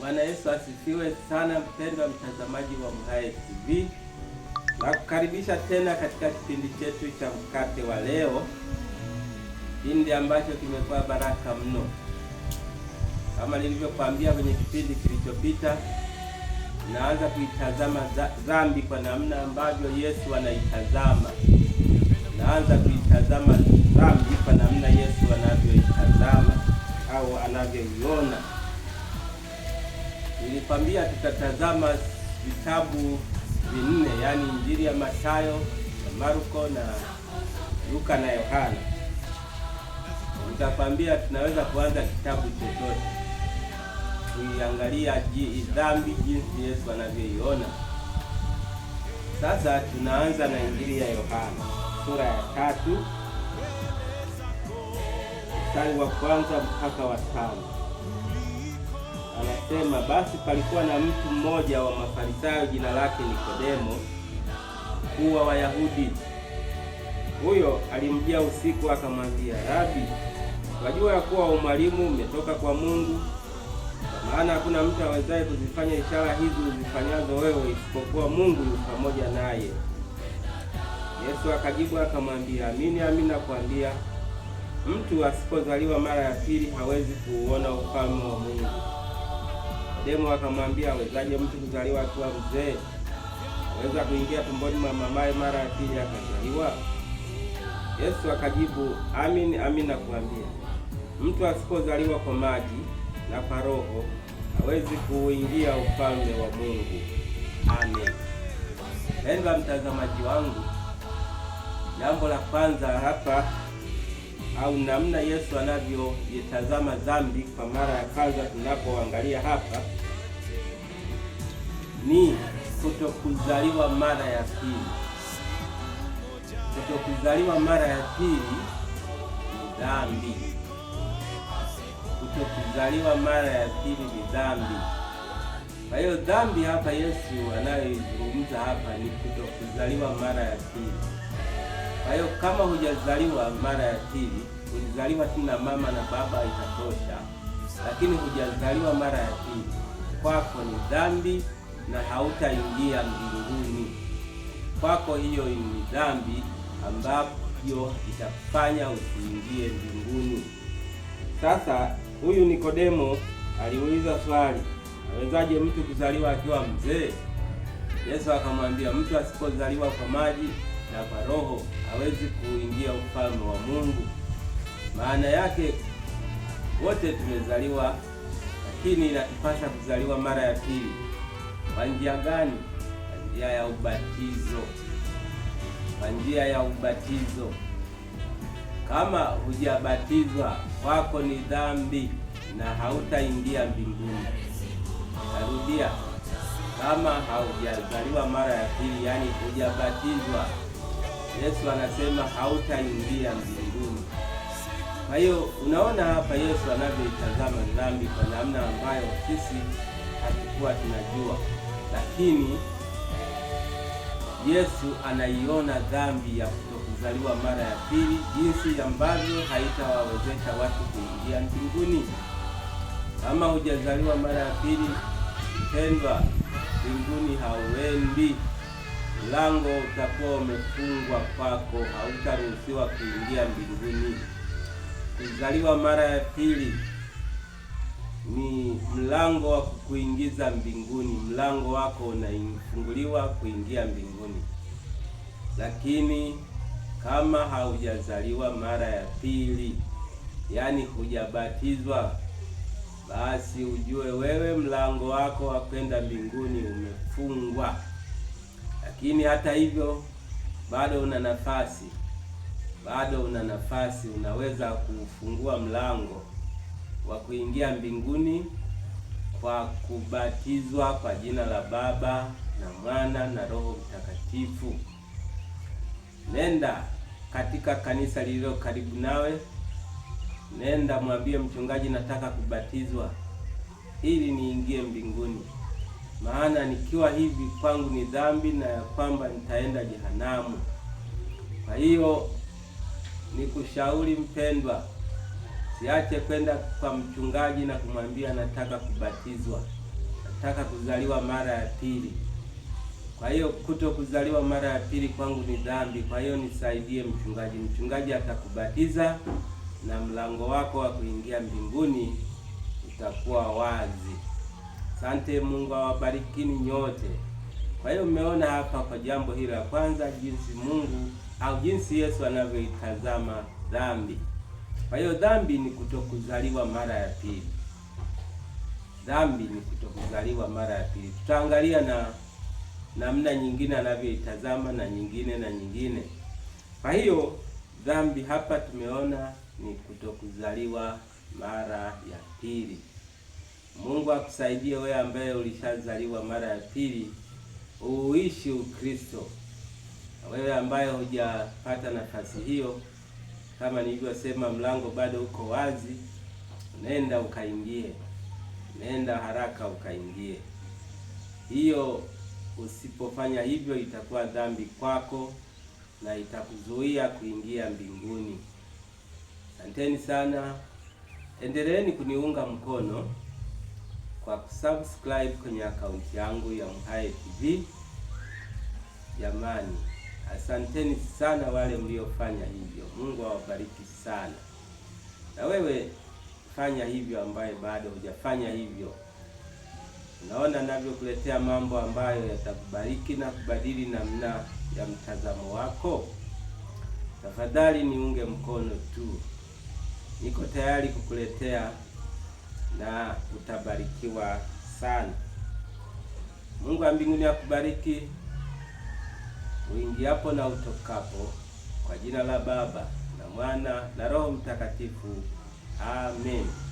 Bwana Yesu asifiwe sana, mpendwa mtazamaji wa MHAE TV, nakukaribisha tena katika kipindi chetu cha mkate wa leo, kipindi ambacho kimekuwa baraka mno. Kama nilivyokuambia kwenye kipindi kilichopita, naanza kuitazama dhambi kwa namna ambavyo Yesu anaitazama. Naanza kuitazama dhambi kwa namna Yesu anavyoitazama au anavyoiona Nilikwambia tutatazama vitabu vinne, yaani injili ya Mathayo na Marko na Luka na Yohana. Nitakwambia tunaweza kuanza kitabu chochote kuiangalia dhambi jinsi Yesu anavyoiona. Sasa tunaanza na injili ya Yohana sura ya tatu mstari wa kwanza mpaka wa tano anasema, basi palikuwa na mtu mmoja wa Mafarisayo jina lake Nikodemo, mkuu wa Wayahudi. Huyo alimjia usiku akamwambia, Rabi, wajua ya kuwa umwalimu umetoka kwa Mungu, kwa maana hakuna mtu awezaye kuzifanya ishara hizi uzifanyazo wewe isipokuwa Mungu yu pamoja naye. Yesu akajibu akamwambia, amini amini nakwambia, mtu asipozaliwa mara ya pili hawezi kuuona ufalme wa Mungu. Demo akamwambia awezaje mtu kuzaliwa akiwa mzee? Aweza kuingia tumboni mwa mamaye mara ya pili akazaliwa? Yesu akajibu, amini amini nakuambia, mtu asipozaliwa kwa maji na kwa Roho hawezi kuuingia ufalme wa Mungu. Amen. penda mtazamaji wangu, jambo la kwanza hapa au namna Yesu anavyoitazama dhambi kwa mara ya kwanza tunapoangalia hapa ni kutokuzaliwa mara ya pili. Kutokuzaliwa mara ya pili ni dhambi. Kutokuzaliwa mara ya pili ni dhambi. Kwa hiyo dhambi hapa Yesu anayoizungumza hapa ni kutokuzaliwa mara ya pili kama hujazaliwa mara ya pili, ulizaliwa tu na mama na baba itatosha, lakini hujazaliwa mara ya pili, kwako ni dhambi na hautaingia mbinguni. Kwako hiyo ni dhambi ambayo itakufanya usiingie mbinguni. Sasa huyu Nikodemo aliuliza swali, awezaje mtu kuzaliwa akiwa mzee? Yesu akamwambia, mtu asipozaliwa kwa maji na kwa roho hawezi kuingia ufalme wa Mungu. Maana yake wote tumezaliwa, lakini inatupasa kuzaliwa mara ya pili. Kwa njia gani? Kwa njia ya ubatizo, kwa njia ya ubatizo. Kama hujabatizwa kwako ni dhambi na hautaingia mbinguni. Narudia, kama haujazaliwa mara ya pili, yaani hujabatizwa Yesu anasema hautaingia mbinguni. Kwa hiyo unaona hapa Yesu anavyoitazama dhambi kwa namna ambayo sisi hatukuwa tunajua, lakini Yesu anaiona dhambi ya kutokuzaliwa mara ya pili, jinsi ambavyo haitawawezesha watu kuingia mbinguni. Kama hujazaliwa mara ya pili, mpendwa, mbinguni hauendi mlango utakuwa umefungwa kwako, hautaruhusiwa kuingia mbinguni. Kuzaliwa mara ya pili ni mlango wa kukuingiza mbinguni, mlango wako unafunguliwa kuingia mbinguni. Lakini kama haujazaliwa mara ya pili, yaani hujabatizwa, basi ujue wewe mlango wako wa kwenda mbinguni umefungwa. Lakini hata hivyo bado una nafasi, bado una nafasi, unaweza kufungua mlango wa kuingia mbinguni kwa kubatizwa kwa jina la Baba na Mwana na Roho Mtakatifu. Nenda katika kanisa lililo karibu nawe, nenda mwambie mchungaji, nataka kubatizwa ili niingie mbinguni maana nikiwa hivi kwangu ni dhambi, na ya kwamba nitaenda jehanamu. Kwa hiyo nikushauri mpendwa, siache kwenda kwa mchungaji na kumwambia nataka kubatizwa, nataka kuzaliwa mara ya pili. Kwa hiyo kuto kuzaliwa mara ya pili kwangu ni dhambi, kwa hiyo nisaidie mchungaji. Mchungaji atakubatiza na mlango wako wa kuingia mbinguni utakuwa wazi. Asante, Mungu awabarikini nyote. Kwa hiyo mmeona hapa kwa jambo hili la kwanza, jinsi Mungu au jinsi Yesu anavyoitazama dhambi. Kwa hiyo dhambi ni kutokuzaliwa mara ya pili. Dhambi ni kutokuzaliwa mara ya pili. Tutaangalia na namna nyingine anavyoitazama na nyingine na nyingine. Kwa hiyo dhambi hapa tumeona ni kutokuzaliwa mara ya pili. Mungu akusaidie wewe ambaye ulishazaliwa mara ya pili uuishi Ukristo. Wewe ambaye hujapata nafasi hiyo, kama nilivyosema, mlango bado uko wazi, nenda ukaingie, nenda haraka ukaingie. Hiyo usipofanya hivyo itakuwa dhambi kwako na itakuzuia kuingia mbinguni. Asanteni sana, endeleeni kuniunga mkono kwa kusubscribe kwenye akaunti yangu ya MHAE TV. Jamani, asanteni sana wale mliofanya hivyo. Mungu awabariki sana. Na wewe fanya hivyo, ambaye bado hujafanya hivyo. Unaona navyokuletea mambo ambayo yatakubariki na kubadili namna ya mtazamo wako. Tafadhali niunge mkono tu, niko tayari kukuletea na utabarikiwa sana. Mungu wa mbinguni akubariki uingiapo na utokapo, kwa jina la Baba na Mwana na Roho Mtakatifu. Amen.